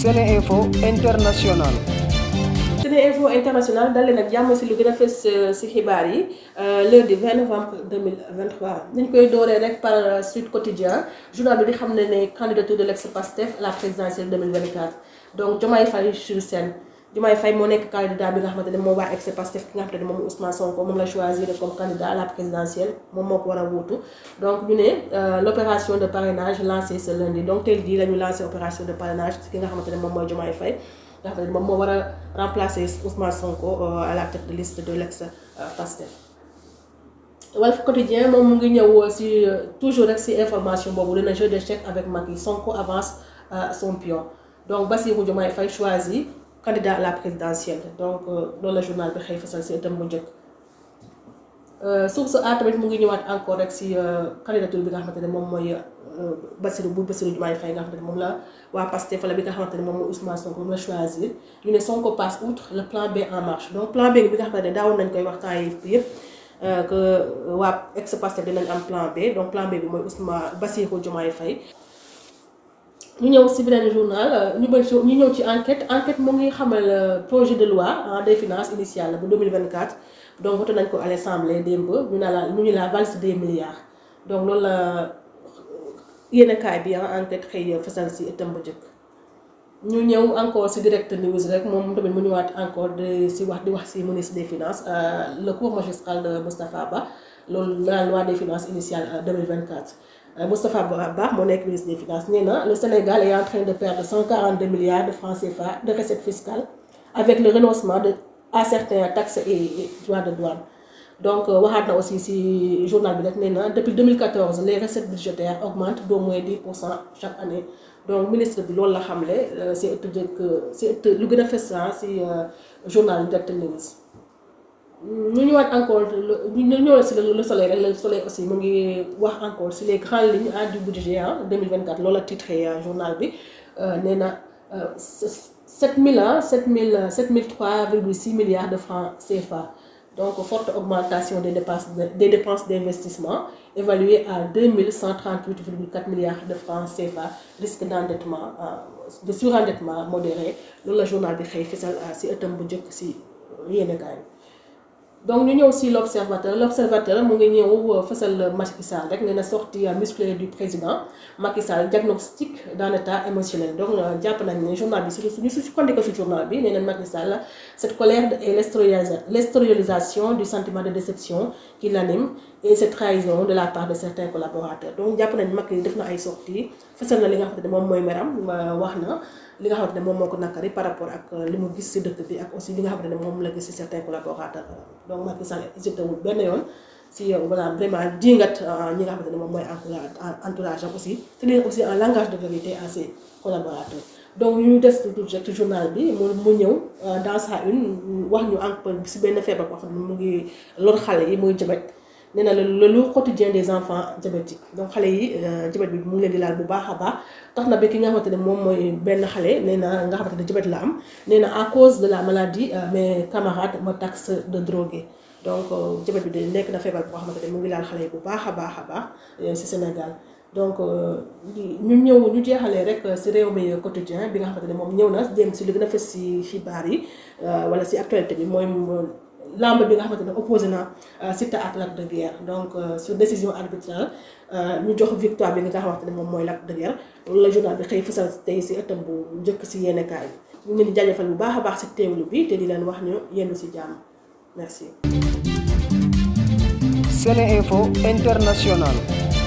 Sene Info International Sene Info International dalee nag jàmm si lu gën a fës euh, si xibaar yi euh, lundi 20 novembre 2023 niñ koy dooree rek par euh, Sud Quotidien journal bi di xam ne ne candidature de l'ex-Pastef à la présidentielle 2024 donc Diomaye Faye sur scène Diomaye Faye moo nekk candidat bi nga xamante ne moom waa ex Pastef ki nga xamante ne moom Ousmane Sonko moom la choisir comme candidat la présidentielle moom moo ko war a wuutu donc ñu ne euh, l'opération de parrainage lancée ce lundi donc tel di la lancé opération de parrainage ki nga xamante ne moom mooy Diomaye Faye nga xamante ne moom moo war a remplacer Ousmane Sonko euh, à la tête de liste de l'ex euh, moom mu ngi ñëw si toujours rek si information boobu dina jeu d'échec avec Macky Sonko avance son pion donc Bassirou Diomaye Faye choisi candidat à la présidentielle donc euh, loolu la journal bi xëy fasal si itam mu njëkk euh, source a tamit mu ngi ñëwaat encore rek si euh, candidature bi nga xamante ne moom mooy Bassirou bu Bassirou Diomaye Faye nga xamante moom la waa Pastef la bi nga xamante ne moom mooy Ousmane Sonko en marche donc B bi nga xamante ne daawoon nañ koy waxtaan yi yëpp que waa ex Pastef dinañ am plan B donc plan B bi mooy ñu ñëw si beneen journal euh, ñu bëri ñu ñëw ci enquête enquête moo ngi xamal euh, projet de loi des finances initiale bu 2024 donc voté nañ ko à l'Assemblée démb ñu ne la ñu ñu la valse des milliards donc loolu la euh, yéen kaay bi enquête xëy fasal si itam ba njëkk. ñu ñëw encore si direct news rek moom tamit mu ñëwaat encore de si wax di wax si ministre des finances le cours magistral de Moustapha Ba loolu la loi des finances initiale 2024. Euh, Moustapha baax moo nekk ministre des finances nee na le Sénégal est en train de perdre milliards de francs CFA de recettes fiscales avec le renoncement de à certains taxes et droits de douane donc euh, waxaat na aussi ci journal bi de nee na depuis 2014 les recettes budgétaires augmentent d'au moins 10 pour cent chaque année donc ministre bi loolu la xamle ci ëtt jëkk lu gën a fes ci euh, journal bi Direct News ñu ñëwaat encore ñu ñëwaat si le soleil rek le soleil mu ngi wax encore si les grandes lignes du budget 2024 loolu la titre journal bi euh, nee na 7000 ah 7000 7003,6 milliards de francs CFA donc forte augmentation des dépenses des dépenses d'investissement évaluées à 2138,4 milliards de francs CFA risque d'endettement euh, de surendettement modéré loolu la journal bi xëy fisal euh, si ëttam bu njëkk si yéen a donc ñu ñëw si l' observateur l' observateur mu ngi ñëw euh, fësal Macky Sall rek nee na sortie euh, musclée du président Macky Sall diagnostic état émotionnel donc euh, jàpp nañ ne journal bi surtout suñu sukkandiku si journal bi nee na Macky Sall cette colère et l' extériorisation du de déception qui l'anime et cette trahison de la part def na ay sorties fësal na li nga xamante ne moom mooy meram wax na li nga xamante ne moom moo ko nakari par rapport ak li mu gis si dëkk bi ak aussi li nga xamante ne moom la gis si certains collaborateurs donc Macky Sall hésité wul benn yoon si euh, voilà vraiment dingat euh, ñi nga xamante ne moom mooy entourage am aussi c'est-à-dire aussi un langage de vérité à ses collaborateurs donc des tuuti journal bi mu mu ñëw euh, dans sa une wax ñu encore si benn feebar boo xam ne mu ngi lor xale yi muy jabet nee la lu lourd quotidien des enfants diabétiques donc xale yi euh, diabète bi mu ngi leen di laal bu baax a baax tax na ba ki nga xamante ne moom mooy benn xale nee na nga xamante ne diabète la am nee na à cause de la maladie euh, mes camarades me taxent de drogué donc euh, diabète nekk na feebar boo xamante ne mu ngi laal xale yi bu baax a baax a baax ci Sénégal donc ñu ñëw ñu jeexalee rek ci réew mi quotidien bi nga xamante ne moom ñëw na dem si li gën a fës ci xibaar yi walla ci actualité bi mooy. lamb bi nga xamante ne opposé na euh, Siteu ak Lac de Guiers donc euh, sur décision arbitrale euh, ñu jox victoire bi nga xamante ne moom mooy Lac de Guiers loolu la journal bi xëy fësal tey si ëttam bu njëkk si yenn kaay yi ñu ngi leen di bu baax a baax si teewlu bi te di leen wax ñu yendu si jàmm merci. Sene Info International.